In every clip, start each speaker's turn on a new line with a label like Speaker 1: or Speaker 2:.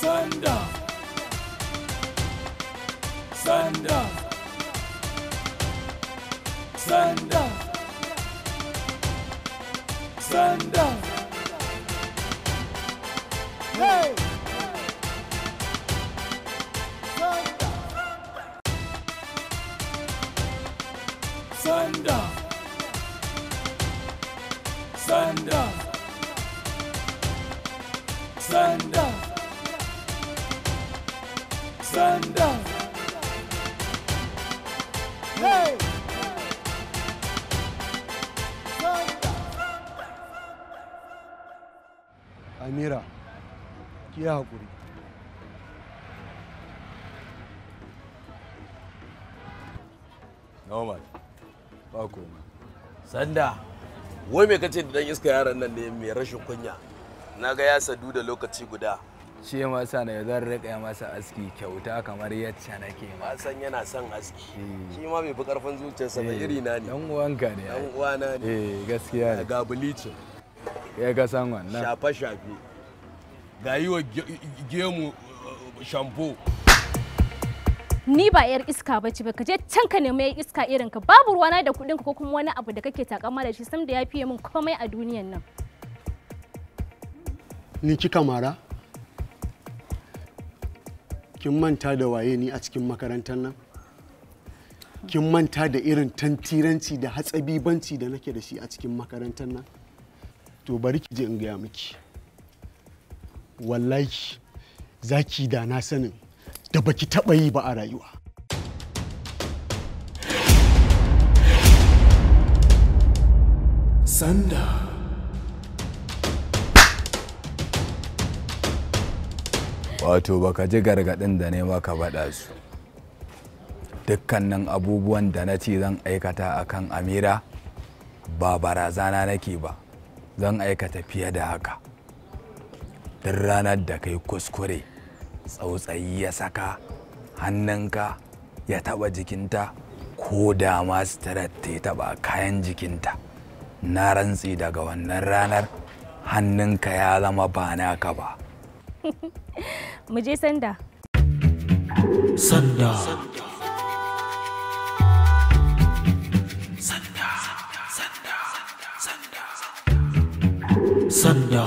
Speaker 1: Thunder. Thunder. Thunder. Thunder.
Speaker 2: Hey. Thunder.
Speaker 1: Thunder. Thunder.
Speaker 2: amira ki ya haƙuri
Speaker 1: normal ba komai sanda wai mai kace da dan iska yaran nan ne mai rashin kunya na ga ya sadu da lokaci guda ce masa na zan riƙa masa aski kyauta kamar yacce nake ma san yana son aski shi ma bai fi karfin zuciyarsa ba eh, iri na ne dan uwanka ne dan uwana ne eh gaskiya ne ga bulicin ya ga san wannan shafe shafe ga yi wa gemu uh, shampo
Speaker 3: ni ba yar iska ba ce ba ka je can ka nemi yar iska irin ka babu ruwa na da kuɗin ka ko kuma wani abu da kake takama da shi sam da ya fiye min komai a duniyan nan
Speaker 2: ni ki mara kin manta da waye ni a cikin makarantar nan kin manta da irin tantiranci da hatsabibanci da nake da shi a cikin makarantar nan to bari ki je in gaya miki wallahi zaki da na sanin da baki taɓa yi ba a rayuwa sanda
Speaker 1: wato baka ji gargadin da ne maka faɗa su dukkanin abubuwan da na ce zan aikata akan amira ba barazana nake ba zan aikata fiye da haka duk ranar da kai kuskure tsautsayi ya saka hannunka ya taba jikinta ko da ma sitarar ta ya taba kayan jikinta na rantsi daga wannan ranar hannunka ya zama ba naka ba
Speaker 3: mu je sanda
Speaker 1: sanda sanda gaya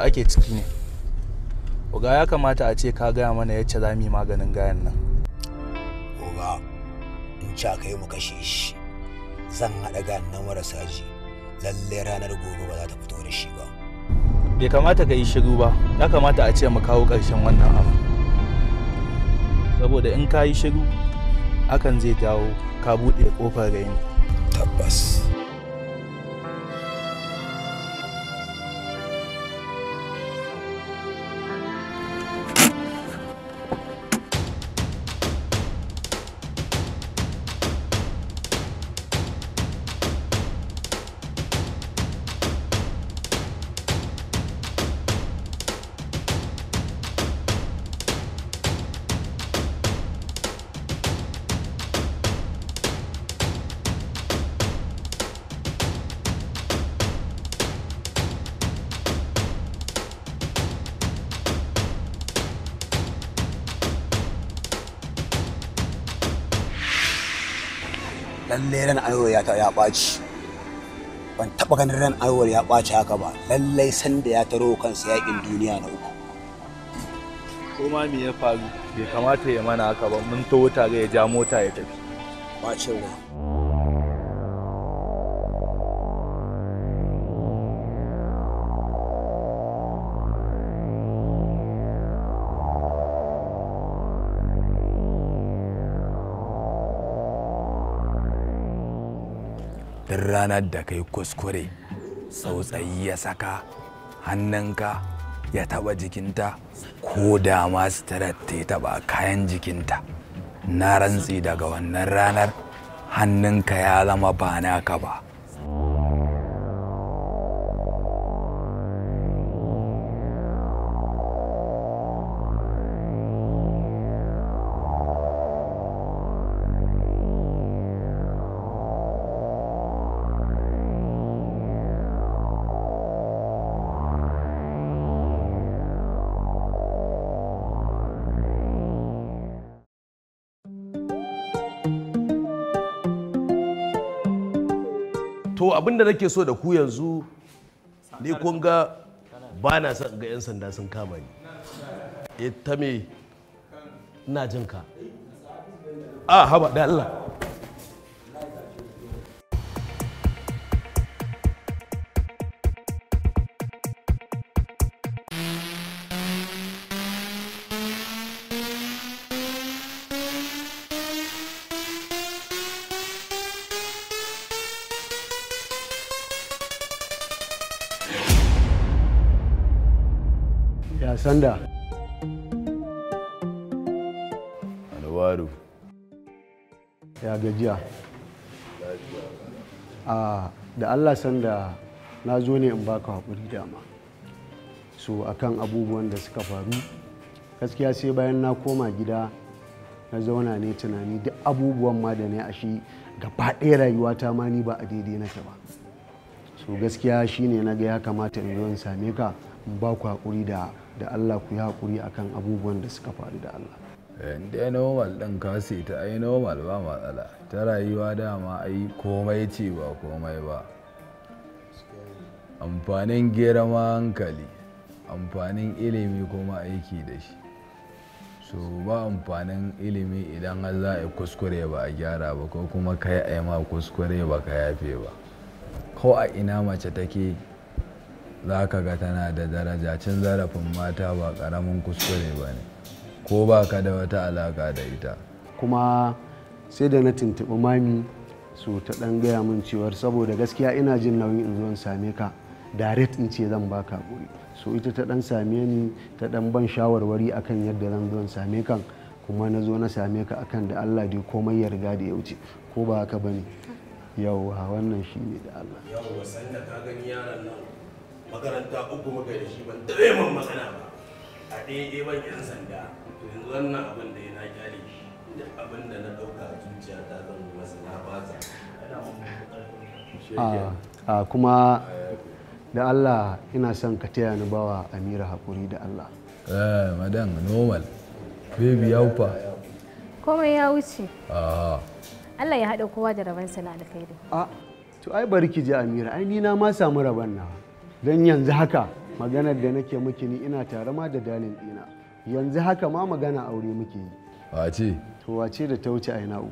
Speaker 1: ake ciki ne oga ya kamata a ce ka gaya mana yacce za mu yi maganin gayan nan oga in ci aka mu kashe shi zan haɗa gayan nan marasa ji lalle ranar gobe ba za ta fito da shi ba bai kamata ka yi shiru ba ya kamata a ce mu kawo ƙarshen wannan abu saboda in ka yi shiru hakan zai jawo ka buɗe ƙofar raini tabbas lalle ran anwar ya ta ya ɓaci ban taɓa ganin ran anwar ya ɓaci haka ba lallai sanda ya taro kansa yaƙin duniya na uku Koma me ya faru bai kamata ya mana haka ba mun to ga ya ja mota ya tafi ɓacin rai duk ranar da kai kuskure tsautsayi ya saka hannunka ya taba jikinta ko da masu sitarar ta ya taɓa kayan jikinta na rantsi daga wannan ranar hannunka ya zama ba naka ba to abin abinda nake so da ku yanzu ni kun ga ba na son ga 'yan sanda sun kama ni ita eh, me ina jinka a ah, haba da Allah
Speaker 2: sanda alwaru ya gajiya Ah, da allah sanda na zo ne in baka haƙuri dama so akan abubuwan da suka faru gaskiya sai bayan na koma gida na zauna ne tunani duk abubuwan ma da ne a shi gaba ɗaya rayuwata ma ni ba a daidai ta ba so gaskiya shine na ga ya kamata in zo in same ka ba ku haƙuri da da Allah ku yi haƙuri akan abubuwan da suka
Speaker 1: faru da Allah eh, in dai normal ɗin ka ta ai normal ba matsala ta rayuwa dama ai komai ce ba komai ba amfanin gera hankali amfanin ilimi kuma aiki da shi so ba amfanin ilimi idan har za a kuskure ba a gyara ba ko kuma kai a ma kuskure ba ka yafe ba ko a ina mace take za ka ga tana da daraja cin zarafin mata ba karamin kuskure ba ne ko ba ka da wata alaka da ita
Speaker 2: kuma sai da na tuntuɓi mami su ta ɗan gaya min cewar saboda gaskiya ina jin nauyin in zo same ka direct in ce zan baka ƙuri so ita ta ɗan same ni ta ɗan ban shawarwari akan yadda zan zo same kan kuma na zo na same ka akan da Allah dai komai ya riga da ya wuce ko ba haka bane yawwa wannan shine da
Speaker 1: Allah sanda ka gani yaron nan makaranta uku muka da shi ban taɓa min magana ba a ɗaya ban yan sanda to yanzu wannan abin da yana kyale shi da abin da na ɗauka a zuciya ta zan masa na fata a ah,
Speaker 2: ah, kuma da Allah ina son ka taya ni bawa Amira hakuri da Allah.
Speaker 1: Eh, madam normal. Baby ya wufa.
Speaker 3: Komai ya wuce. Ah. Allah ya haɗa kowa da rabansa na alkhairi.
Speaker 2: A, to ai bari ki je Amira, ai ni na ma samu rabon nawa. don yanzu haka maganar da nake muke ni ina tare ma da dalin ɗina yanzu haka ma
Speaker 1: magana aure muke yi wace wace da ta wuce a aina'u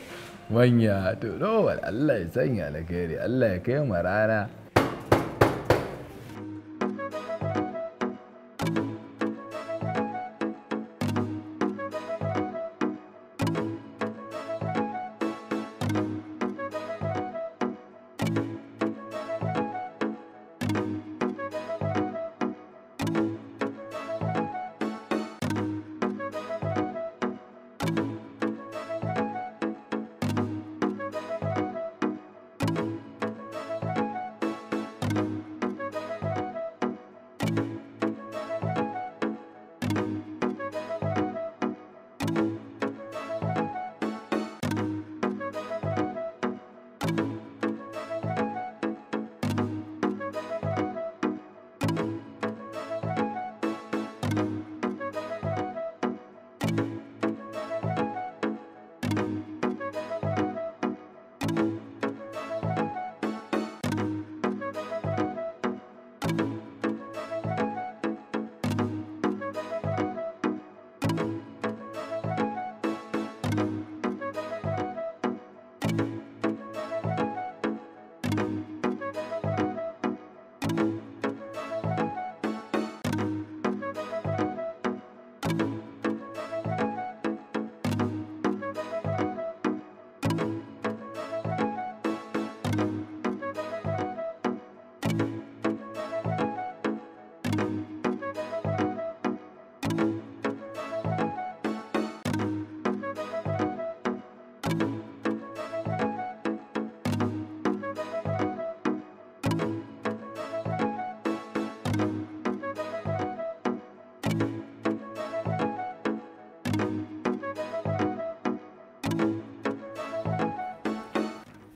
Speaker 1: manya to no Allah ya sanya alkhairi Allah ya kai mu rana Thank you.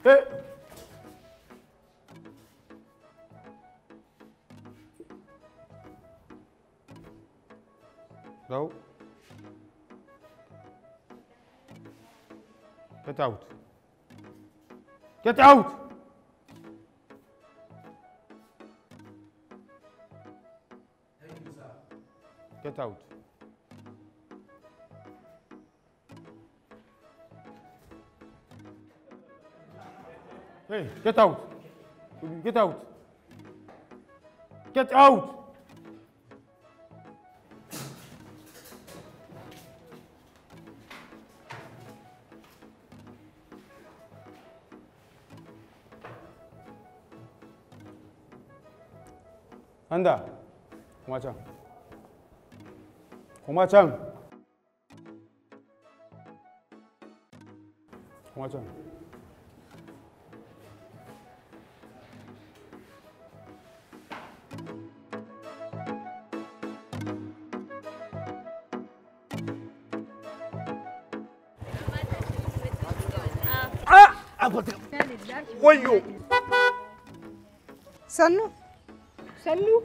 Speaker 3: Hey. Zo. Get out. Get out! Get out. Hey, get out. Get out.
Speaker 2: Get out. Anda, Kumachan. Kumachan. Kumachan. Kumachan.
Speaker 3: Wayyo.
Speaker 4: Sannu. Sannu.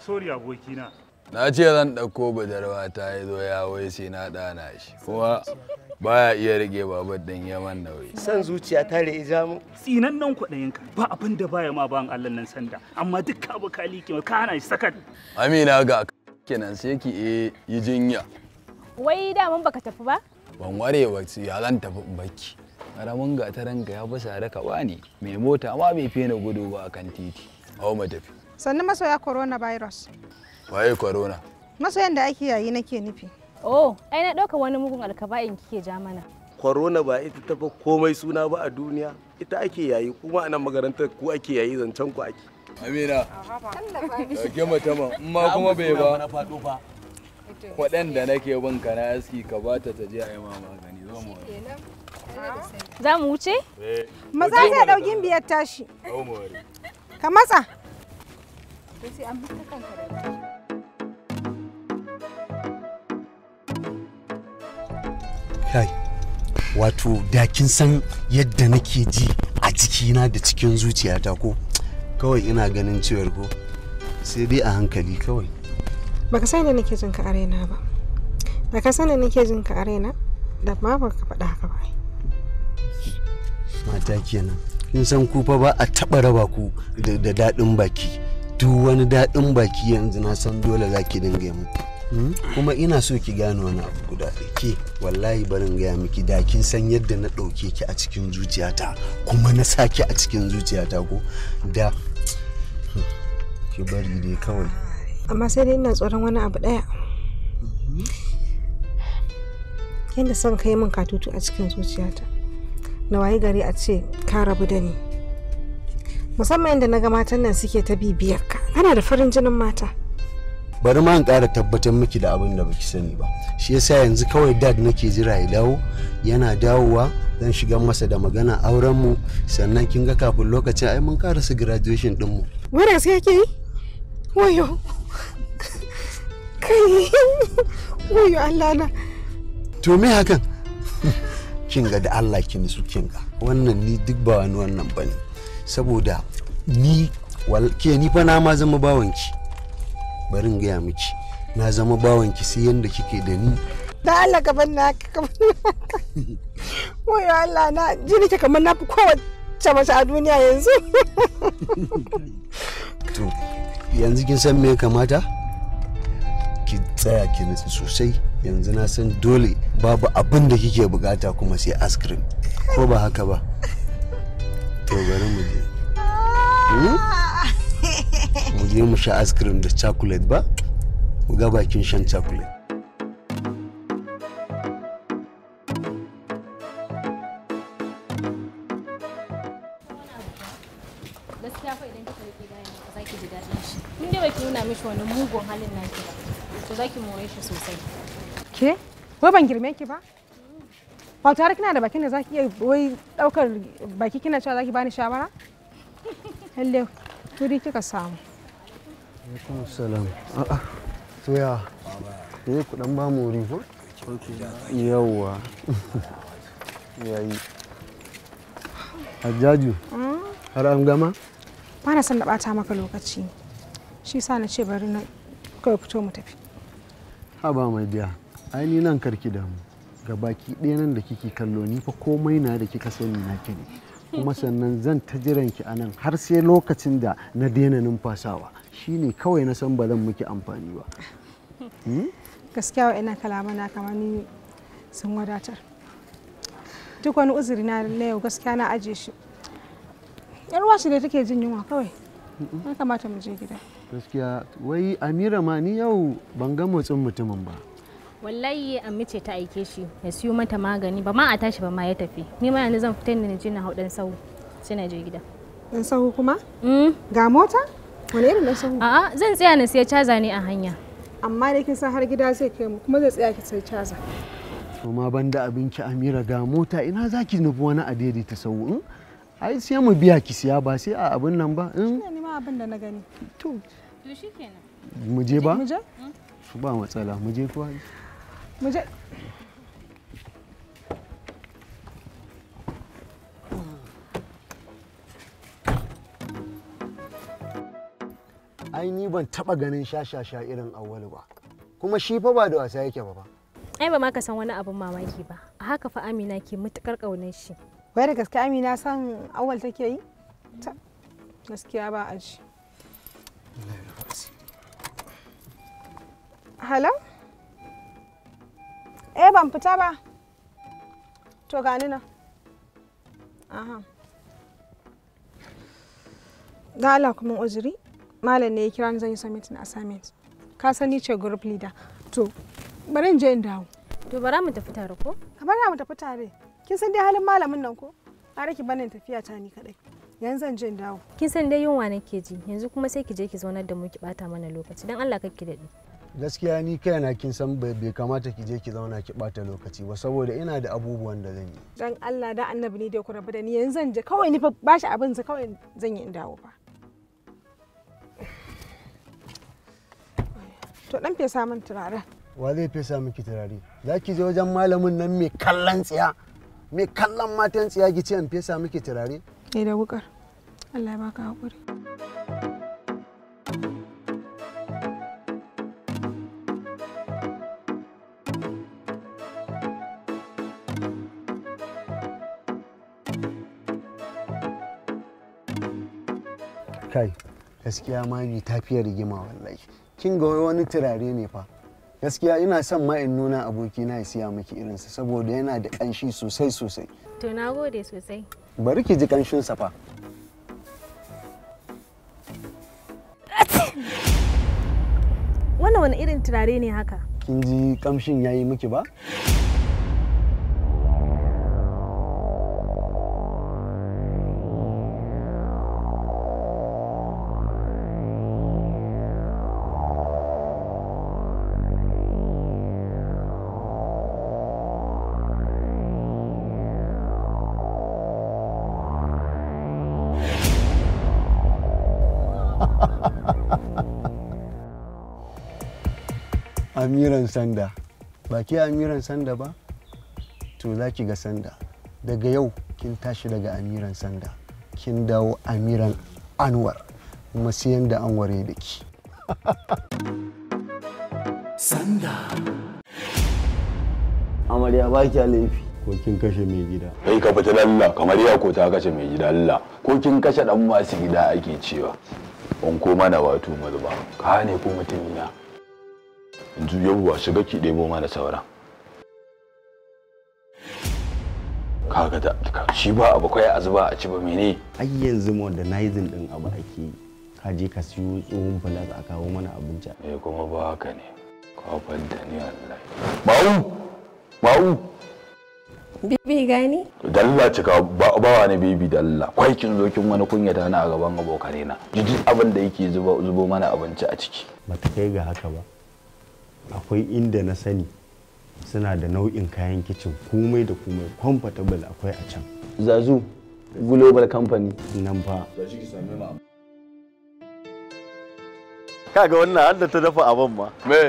Speaker 4: Sorry abokina.
Speaker 1: Na ce zan ɗauko budurwa ta ya zo ya wai sai na ɗana shi. Kuma ba ya iya rike babar ɗin yaman nauyi. San zuciya ta da ija mu. Tsinan nan kuɗayenka ba abin da baya ma ban Allah nan sanda amma duk ka ba ka liƙe ka hana shi sakat. Amina ga kenan sai ki e yi jinya.
Speaker 3: Wai daman ka tafi ba?
Speaker 1: Ban ware ba ya zan tafi baki. karamin gataran ga ya fi sare ka bani mai mota ma bai fena gudu ba kan titi hau mu tafi
Speaker 4: sannan masoya corona virus
Speaker 1: waye corona
Speaker 4: masoyan da ake yayi nake nufi
Speaker 3: oh ai na ɗauka wani mugun alkaba'in kike ja mana
Speaker 1: corona ba ita ta fa komai suna ba a duniya ita ake yayi kuma a nan makarantar ku ake yayi zancen ku ake amina
Speaker 3: dauke matama in ma kuma bai ba waɗanda
Speaker 1: nake bin kana aski ka bata ta je a yi magani zo mu Za mu wuce? Eh. Maza zai ɗau
Speaker 3: biyar tashi. Ka
Speaker 4: matsa.
Speaker 2: Kai, wato da kin san yadda nake ji a jikina da cikin zuciyata ko kawai ina ganin cewar ko sai dai a hankali kawai.
Speaker 4: Baka san da nake jin ka arena ba. baka ka san da nake jin ka arena da ma baka faɗa haka
Speaker 2: mafita kenan kin san ku fa ba a taɓa raba ku da daɗin baki duk wani daɗin baki yanzu na san dole za ki dinga mu hmm? kuma ina so ki gano wani abu guda ke wallahi barin gaya miki da kin san yadda na ɗauke ki a cikin zuciyata kuma na sa a cikin zuciyata ko da hmm, ki bari dai kawai
Speaker 4: amma sai dai ina tsoron wani abu ɗaya hmm. yadda son kai min katutu a cikin zuciyata na waye gari a ce ka rabu da ni musamman yadda na ga matan nan suke ta bibiyar ka kana da farin jinin mata
Speaker 2: bari ma in ƙara tabbatar miki da abin da baki sani ba shi yasa yanzu kawai dad nake jira ya dawo yana dawowa zan shiga masa da magana auren mu sannan kin ga kafin lokacin ai mun karasa graduation din mu
Speaker 4: wani da sai yi wayo kai wayo Allah na
Speaker 2: to me hakan kinga da Allah ki nisu kinga wannan ni duk ba wani wannan bane saboda ni ke ni fa na ma zama bawanki barin gaya miki na zama bawanki sai yanda kike da ni
Speaker 4: da Allah ka banna ka Allah na ji kamar na fi kowace mace a duniya yanzu
Speaker 2: to yanzu kin san me kamata ki tsaya ki nisu sosai yanzu na san dole babu abin da kike bukata kuma sai ice cream ko ba haka ba to bari mu je hmm? mu je mu sha ice cream da chocolate ba mu ga bakin shan chocolate
Speaker 3: mishi wani mugun halin naki ba to zaki more shi sosai
Speaker 4: Ke? Wai ban girme ki ba? Wato har kina da bakin da zaki iya wai daukar baki kina cewa zaki bani shawara? Lalle turi kika samu.
Speaker 2: Alaikum salam. A'a. Soya. Eh ku dan ba mu wuri ko? Yawwa. Yayi. ajaju hmm? Har an gama?
Speaker 4: Ba na son da bata maka lokaci. Shi sa na ce bari na kai fito mu tafi.
Speaker 2: Haba mai biya. ai ni nan karki damu baki ɗaya nan da kike kallo ni fa komai na da kika sani na ki kuma sannan zan ta jiran ki anan har sai lokacin da na daina numfasawa shine kawai na san ba zan miki amfani ba hmm?
Speaker 4: gaskiya ina kalama na kamar ni sun wadatar duk wani uzuri na na yau gaskiya na aje shi yar washi ne take jin yunwa kawai
Speaker 3: ya kamata mu je gida
Speaker 2: gaskiya wai amira ma ni yau ban ga motsin mutumin ba
Speaker 3: wallahi ammi ce ta aike shi ya siyo mata magani ba ma a tashi ba ma ya tafi ni ma yanzu zan fita ne je na hau dan sahu sai na je gida dan sahu kuma hmm? ga mota wani irin dan sahu a'a zan tsaya na sai caza ne a hanya
Speaker 4: amma da kin san har gida zai kai mu kuma zai tsaya ki sai caza
Speaker 2: to ma banda abinci Amira ga mota ina zaki nufi wani a ta sahu in hmm? ai sai mu biya ki siya ba sai a abin nan ba hmm?
Speaker 4: in ne ma abin da na gani to to shikenan
Speaker 2: mu je ba mu je ba matsala mu je kuwa mu je ai ni ban taba ganin shashasha irin awwalu ba kuma shi fa ba da wasa yake ba ba
Speaker 3: ai ba ma ka san wani abin mamaki ba a haka fa amina ke matukar kaunar shi wai da gaske amina san awwal take yi ta gaskiya ba a shi
Speaker 4: hello eh ban fita ba to gani nan aha da Allah kuma uzuri malam ne ya kira ni zan yi summit na assignment ka sani ce group leader to
Speaker 3: bari in je in dawo
Speaker 4: to bara mu tafi tare ko ka bara mu tafi tare kin san dai halin malamin
Speaker 3: nan ko a raki banin tafiya ta ni kadai yanzu zan je in dawo kin san dai yunwa nake ji yanzu kuma sai ki je ki zaunar da mu ki bata mana lokaci dan Allah kake daɗi
Speaker 2: gaskiya ni kaina kin san bai kamata ki je ki zauna ki bata lokaci ba saboda ina da abubuwan da zan yi
Speaker 3: dan Allah da
Speaker 4: annabi ne dai ku rabu da ni yanzu zan je kawai ni fa bashi abin sa kawai zan yi in dawo fa to dan fesa min turare
Speaker 2: wa zai fesa miki turare zaki je wajen malamin nan mai kallon tsiya mai kallon matan tsiya ki ce in fesa miki turare
Speaker 4: eh da wukar Allah ya baka hakuri thank you
Speaker 3: kai
Speaker 2: gaskiya ma ta fiye rigima wallahi kin ga wani turare ne fa gaskiya ina son ma in nuna aboki na siya miki irinsa saboda yana da kanshi sosai sosai
Speaker 3: to na gode sosai
Speaker 2: bari ki ji kanshin sa fa
Speaker 3: wannan wani irin turare ne haka
Speaker 2: kin ji kamshin yayi miki ba amiran sanda ba ke amiran sanda ba to za ki ga sanda daga yau kin tashi daga amiran sanda kin dawo amiran anwar kuma sai da anwar ya daki
Speaker 1: sanda amarya ba ki laifi
Speaker 2: ko kin kashe mai gida
Speaker 1: kai ka fita lalla kamar ya ko ta kashe mai gida lalla ko kin kashe dan masu gida ake cewa ban ko mana wato mazuba ka ne ko mutumina yawwa shiga ki ɗebo ma da sauran kaga da shi ba abu kai a zuba a ci ba mene ai yanzu modernizing din abu ake yi ka je ka siyo tsohon filas a kawo mana abinci eh kuma ba haka ne kafar da ni wallahi ba'u ba'u
Speaker 3: bibi gani
Speaker 1: dalla cika ba bawa ne bibi dalla kwai kin zo kin wani kunya ta na a gaban abokare na jiji abin da yake zubo mana abinci a ciki
Speaker 2: ba ta kai ga haka ba akwai inda na sani suna da nau'in kayan kicin komai da komai comfortable akwai a can
Speaker 1: zazu global company nan fa kaga wannan an da ta dafa abin ma me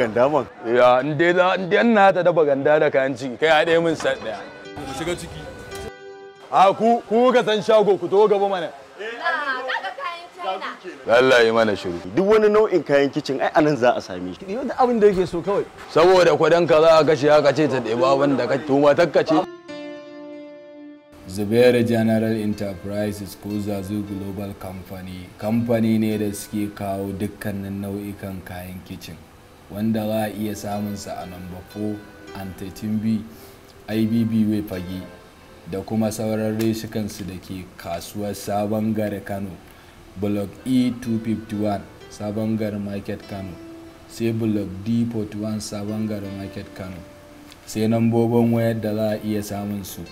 Speaker 1: gandaman ya in dai an na ta dafa ganda da kayan ciki kai haɗe min sat ɗaya Ku shiga ciki a ku ku ka san shago ku to gaba mana eh, Allah ya mana shiru duk wani nau'in kayan kicin ai anan za a same shi yau da abin da yake so kawai saboda kudin ka za a kashe haka ce ta ɗebi abin da ka tuma ce Zubairu General Enterprises ko Zazu Global Company kamfani ne da suke kawo dukkanin nau'ikan kayan kicin wanda za a iya samun sa a number 4 antitin b ibb way fage da kuma sauran reshikansu da ke kasuwar sabon gari kano block e251 sabon gari market kano sai block d41 sabon gari market kano sai nambobin wayar da za a iya samun su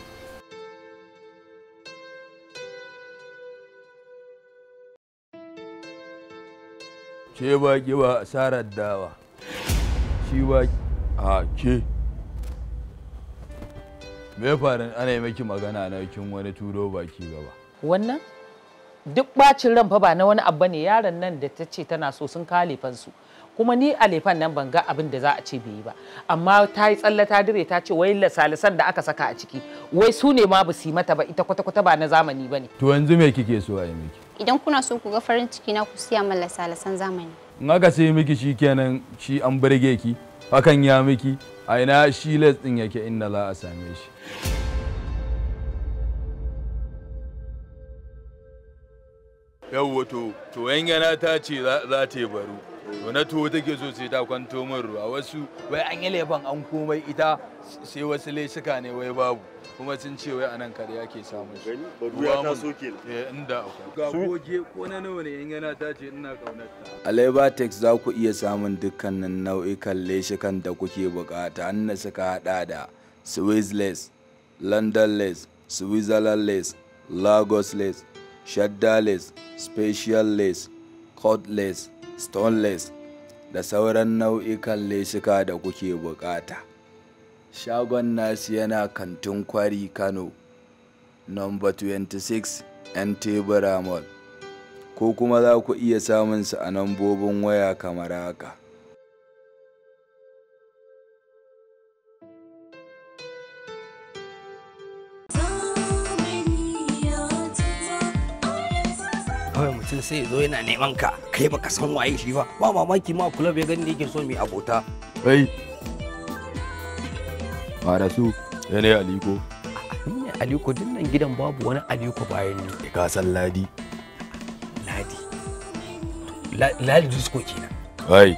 Speaker 1: ke ba ki ba asarar dawa shi ba a ke me farin ana yi maki
Speaker 3: magana na kin wani turo baki gaba wannan duk bacin ran fa ba na wani abu ne yaron nan da ta ce tana so sun kawo lefansu kuma ni a lefan nan ban ga abin da za a ce bai yi ba amma ta yi tsalle ta dire ta ce wai lasalisan da aka saka a ciki wai su ne ma ba su yi mata ba ita kwata kwata ba na zamani ba ne
Speaker 1: to yanzu me kike so a yi miki
Speaker 3: idan kuna so ku ga farin ciki na ku siya min lasalisan zamani
Speaker 1: in aka sai miki shi kenan shi an burge ki hakan ya miki a ina shi les yake inna za a same shi yawo to to yana ta ce za ta baro to na to take so sai ta kwanto min ruwa wasu wai an yi laifin an komai ita sai wasu laifuka ne wai babu kuma sun ce wai anan kare yake samun shi ruwa ta so ke inda ga goge ko na nawa ne yana ta ce ina kaunar ta a Libertex za ku iya samun dukkanin nau'ikan laifukan da kuke bukata an suka hada da Swiss lace, London lace, Switzerland lace, Lagos lace, shadda Specialless, cordless, stoneless da sauran nau'ikan lesuka da kuke buƙata. Shagon nasu yana Kantin Kwari, Kano, No. 26 Entebbe Mall, ko kuma za ku iya samunsa a nambobin waya kamar haka.
Speaker 3: kawai mutum sai ya zo
Speaker 1: yana neman ka kai baka san waye shi ba ba mamaki ma kulab ya gani yake so mai abota ai ba da su yanayi aliko aliko din nan gidan babu wani aliko bayan ni ka san ladi ladi ladi disko kenan ai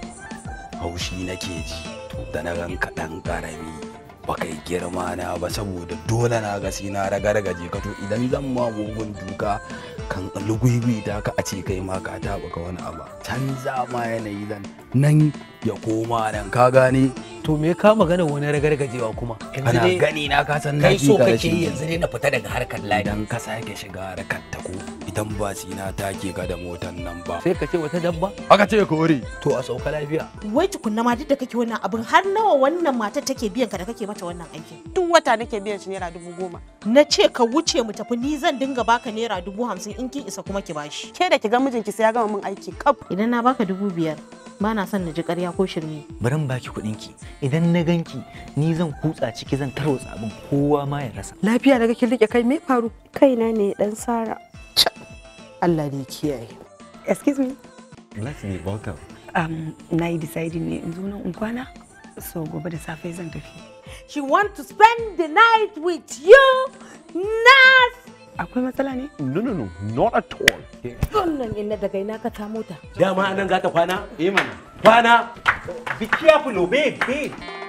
Speaker 1: haushi nake ji da na ranka dan karami ba kai girma na ba saboda dole na ga sai na ragargaje ka to idan zan ma mugun duka kan gwigwi da ka a ce kai ma ka taba ga wani abu canza ma yanayi zan nan ya koma nan ka gane to me ka magana wani ragargajewa kuma ana gani na ka san kai so kake yanzu ne na fita daga harkar lafiya dan ka sake shiga harkar ta ko idan ba sina take ka da motan nan ba sai ka ce wata dabba aka ce kore to a sauka lafiya
Speaker 3: wai tukunna ma duk da kake wannan abin har nawa wannan mata take biyan ka da kake mata wannan aikin duk wata nake biyan shi naira dubu goma na ce ka wuce mu tafi ni zan dinga baka naira dubu hamsin in kin isa kuma ki bashi ke da ki ga mijinki sai ya gama min aiki kaf idan na baka dubu biyar ba na son na ji ƙarya ko shirme
Speaker 1: bari in baki kuɗin
Speaker 2: ki idan na ganki ni zan kutsa ciki zan taro sabon kowa ma ya rasa
Speaker 3: lafiya daga
Speaker 4: kin rike kai me faru kaina ne dan sara
Speaker 2: Allah ne kiyaye excuse me let's be welcome
Speaker 4: um na yi deciding ne in zo nan in kwana so gobe da safe zan tafi
Speaker 3: she want to spend the night with you nas
Speaker 4: akwai matsala ne? No, no, no, not at all.
Speaker 3: Wannan inda daga ina ka ta mota.
Speaker 1: Dama anan za ta kwana? Eh mana. Kwana. Be careful, oh, babe,
Speaker 3: babe.